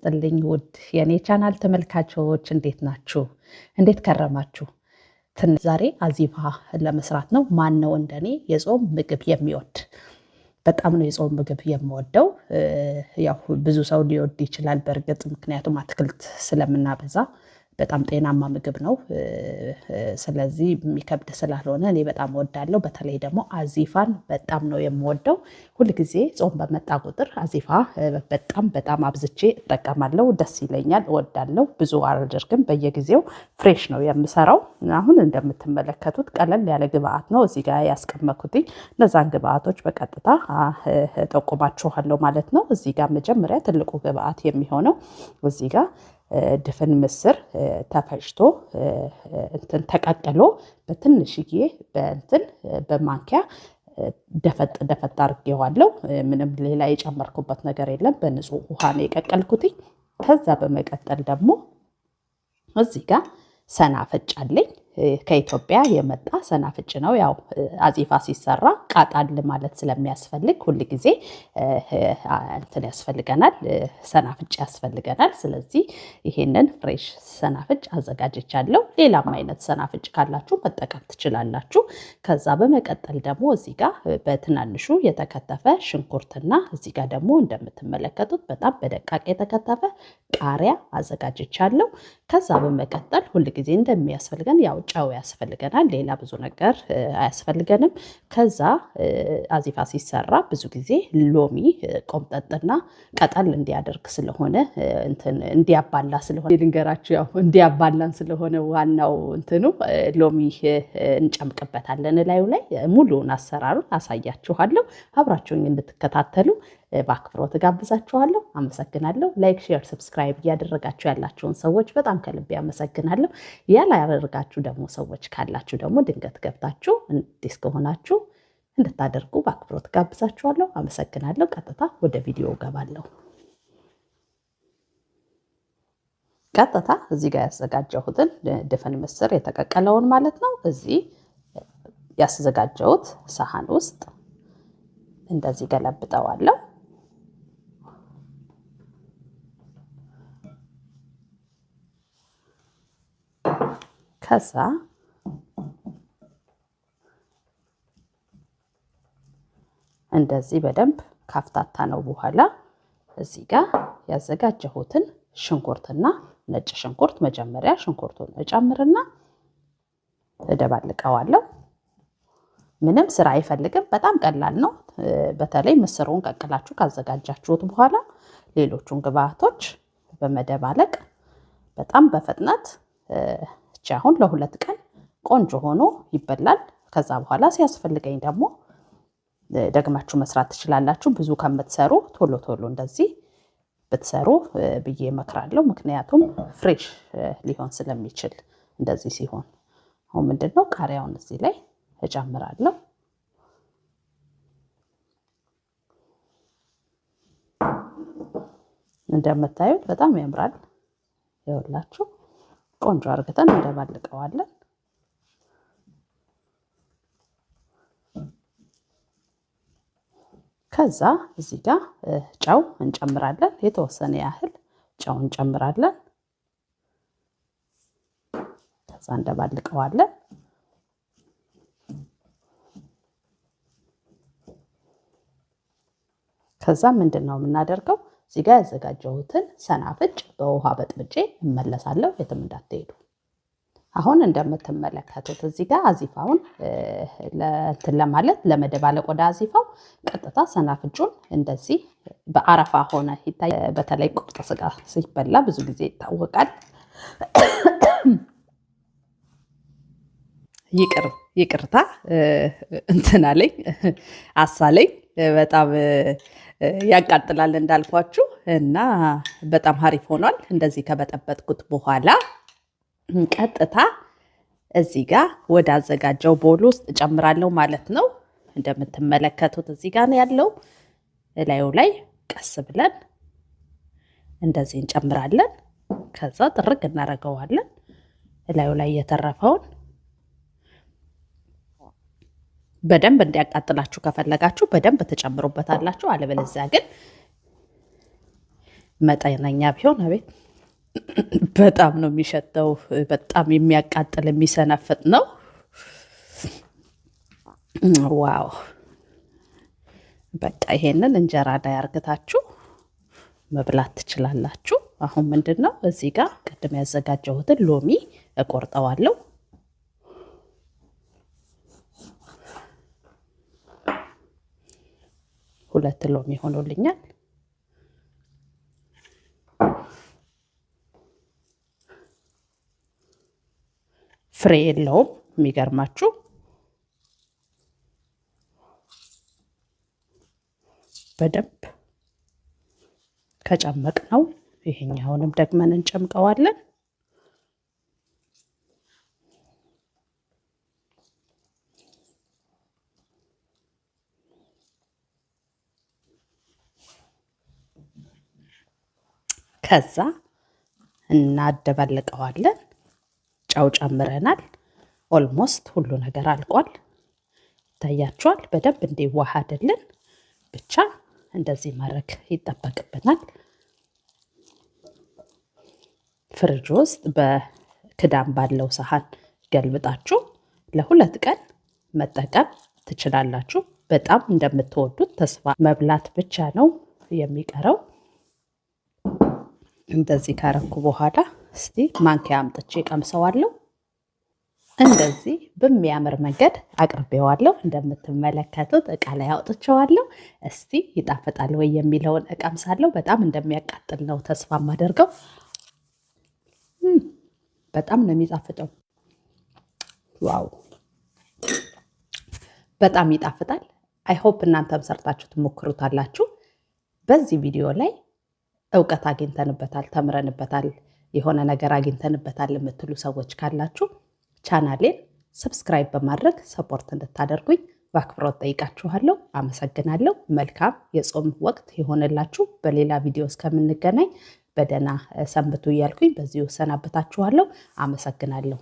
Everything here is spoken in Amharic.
ይስጥልኝ ውድ የኔ ቻናል ተመልካቾች እንዴት ናችሁ? እንዴት ከረማችሁ? ትንሽ ዛሬ አዚባ ለመስራት ነው። ማን ነው እንደኔ የጾም ምግብ የሚወድ? በጣም ነው የጾም ምግብ የምወደው። ያው ብዙ ሰው ሊወድ ይችላል በእርግጥ ምክንያቱም አትክልት ስለምናበዛ በጣም ጤናማ ምግብ ነው። ስለዚህ የሚከብድ ስላልሆነ እኔ በጣም ወዳለው። በተለይ ደግሞ አዚፋን በጣም ነው የምወደው። ሁልጊዜ ጾም በመጣ ቁጥር አዚፋ በጣም በጣም አብዝቼ እጠቀማለሁ። ደስ ይለኛል፣ እወዳለሁ። ብዙ አላደርግም። በየጊዜው ፍሬሽ ነው የምሰራው። አሁን እንደምትመለከቱት ቀለል ያለ ግብአት ነው እዚህ ጋር ያስቀመኩትኝ። እነዛን ግብአቶች በቀጥታ ጠቁማችኋለሁ ማለት ነው። እዚህ ጋር መጀመሪያ ትልቁ ግብአት የሚሆነው እዚህ ጋር ድፍን ምስር ተፈጭቶ እንትን ተቀቅሎ በትንሽዬ በእንትን በማንኪያ ደፈጥ ደፈጥ አድርጌዋለሁ። ምንም ሌላ የጨመርኩበት ነገር የለም። በንጹህ ውሃ ነው የቀቀልኩትኝ። ከዛ በመቀጠል ደግሞ እዚህ ጋር ሰና ፈጫለኝ ከኢትዮጵያ የመጣ ሰናፍጭ ነው። ያው አዚፋ ሲሰራ ቃጣል ማለት ስለሚያስፈልግ ሁል ጊዜ እንትን ያስፈልገናል፣ ሰናፍጭ ያስፈልገናል። ስለዚህ ይሄንን ፍሬሽ ሰናፍጭ አዘጋጅቻለሁ። ሌላም አይነት ሰናፍጭ ካላችሁ መጠቀም ትችላላችሁ። ከዛ በመቀጠል ደግሞ እዚህ ጋር በትናንሹ የተከተፈ ሽንኩርትና እዚህ ጋር ደግሞ እንደምትመለከቱት በጣም በደቃቅ የተከተፈ ቃሪያ አዘጋጅቻለሁ። ከዛ በመቀጠል ሁል ጊዜ እንደሚያስፈልገን ያው ጨው ያስፈልገናል። ሌላ ብዙ ነገር አያስፈልገንም። ከዛ አዚፋ ሲሰራ ብዙ ጊዜ ሎሚ ቆምጠጥና ቀጠል እንዲያደርግ ስለሆነ እንዲያባላ ስለሆነ ልንገራችሁ፣ ያው እንዲያባላን ስለሆነ ዋናው እንትኑ ሎሚ እንጨምቅበታለን። ላዩ ላይ ሙሉውን አሰራሩን አሳያችኋለሁ። አብራችሁኝ እንድትከታተሉ በአክብሮት ጋብዛችኋለሁ። አመሰግናለሁ። ላይክ፣ ሼር፣ ሰብስክራይብ እያደረጋችሁ ያላችሁን ሰዎች በጣም ከልቤ አመሰግናለሁ። ያላደረጋችሁ ደግሞ ሰዎች ካላችሁ ደግሞ ድንገት ገብታችሁ እንዲስ ከሆናችሁ እንድታደርጉ በአክብሮት ጋብዛችኋለሁ። አመሰግናለሁ። ቀጥታ ወደ ቪዲዮ ገባለሁ። ቀጥታ እዚህ ጋር ያዘጋጀሁትን ድፍን ምስር የተቀቀለውን ማለት ነው። እዚህ ያዘጋጀሁት ሳህን ውስጥ እንደዚህ ገለብጠዋለሁ። ከዛ እንደዚህ በደንብ ካፍታታ ነው በኋላ እዚህ ጋር ያዘጋጀሁትን ሽንኩርትና ነጭ ሽንኩርት መጀመሪያ ሽንኩርቱን እጨምርና እደባልቀዋለሁ። ምንም ስራ አይፈልግም። በጣም ቀላል ነው። በተለይ ምስሩን ቀቅላችሁ ካዘጋጃችሁት በኋላ ሌሎቹን ግብአቶች በመደባለቅ በጣም በፍጥነት ፈትቼ አሁን ለሁለት ቀን ቆንጆ ሆኖ ይበላል። ከዛ በኋላ ሲያስፈልገኝ ደግሞ ደግማችሁ መስራት ትችላላችሁ። ብዙ ከምትሰሩ ቶሎ ቶሎ እንደዚህ ብትሰሩ ብዬ እመክራለሁ። ምክንያቱም ፍሬሽ ሊሆን ስለሚችል እንደዚህ ሲሆን አሁን ምንድን ነው ቃሪያውን እዚህ ላይ እጨምራለሁ። እንደምታዩት በጣም ያምራል። ይኸውላችሁ ቆንጆ አርግተን እንደባልቀዋለን። ከዛ እዚህ ጋር ጨው እንጨምራለን። የተወሰነ ያህል ጨው እንጨምራለን። ከዛ እንደባልቀዋለን። ከዛ ምንድን ነው የምናደርገው? እዚህ ጋር ያዘጋጀሁትን ሰናፍጭ በውሃ በጥብጬ እመለሳለሁ። የትም እንዳትሄዱ። አሁን እንደምትመለከቱት እዚህ ጋር አዚፋውን እንትን ለማለት ለመደባለቅ ወደ አዚፋው ቀጥታ ሰናፍጩን እንደዚህ በአረፋ ሆነ ይታይ። በተለይ ቁርጥ ስጋ ሲበላ ብዙ ጊዜ ይታወቃል። ይቅር ይቅርታ እንትን አለኝ አሳለኝ በጣም ያቃጥላል እንዳልኳችሁ እና በጣም ሀሪፍ ሆኗል። እንደዚህ ከበጠበጥኩት በኋላ ቀጥታ እዚህ ጋር ወደ አዘጋጀው ቦል ውስጥ እጨምራለሁ ማለት ነው። እንደምትመለከቱት እዚህ ጋር ነው ያለው። እላዩ ላይ ቀስ ብለን እንደዚህ እንጨምራለን። ከዛ ጥርግ እናደርገዋለን። እላዩ ላይ የተረፈውን በደንብ እንዲያቃጥላችሁ ከፈለጋችሁ በደንብ ተጨምሮበታላችሁ። አለበለዚያ ግን መጠነኛ ቢሆን አቤት በጣም ነው የሚሸተው። በጣም የሚያቃጥል የሚሰነፍጥ ነው። ዋው! በቃ ይሄንን እንጀራ ላይ አርግታችሁ መብላት ትችላላችሁ። አሁን ምንድን ነው እዚህ ጋር ቅድም ያዘጋጀሁትን ሎሚ እቆርጠዋለሁ። ሁለት ሎሚ ሆኖልኛል። ፍሬ የለውም የሚገርማችሁ። በደንብ ከጨመቅ ነው። ይሄኛውንም ደግመን እንጨምቀዋለን። ከዛ እናደባልቀዋለን። ጨው ጨምረናል። ኦልሞስት ሁሉ ነገር አልቋል። ይታያችኋል። በደንብ እንዲዋሃድልን ብቻ እንደዚህ ማድረግ ይጠበቅብናል። ፍርጅ ውስጥ በክዳን ባለው ሰሃን ገልብጣችሁ ለሁለት ቀን መጠቀም ትችላላችሁ። በጣም እንደምትወዱት ተስፋ መብላት ብቻ ነው የሚቀረው። እንደዚህ ካረኩ በኋላ እስቲ ማንኪያ አምጥቼ ቀምሰዋለሁ። እንደዚህ በሚያምር መንገድ አቅርቤዋለሁ። እንደምትመለከቱት እቃ ላይ አውጥቼዋለሁ። እስቲ ይጣፍጣል ወይ የሚለውን እቀምሳለሁ። በጣም እንደሚያቃጥል ነው ተስፋ የማደርገው። በጣም ነው የሚጣፍጠው። ዋው በጣም ይጣፍጣል። አይሆፕ እናንተም ሰርታችሁ ትሞክሩታላችሁ። በዚህ ቪዲዮ ላይ እውቀት አግኝተንበታል፣ ተምረንበታል፣ የሆነ ነገር አግኝተንበታል የምትሉ ሰዎች ካላችሁ ቻናሌን ሰብስክራይብ በማድረግ ሰፖርት እንድታደርጉኝ በአክብሮት ጠይቃችኋለሁ። አመሰግናለሁ። መልካም የጾም ወቅት የሆነላችሁ። በሌላ ቪዲዮ እስከምንገናኝ በደህና ሰንብቱ እያልኩኝ በዚሁ እሰናበታችኋለሁ። አመሰግናለሁ።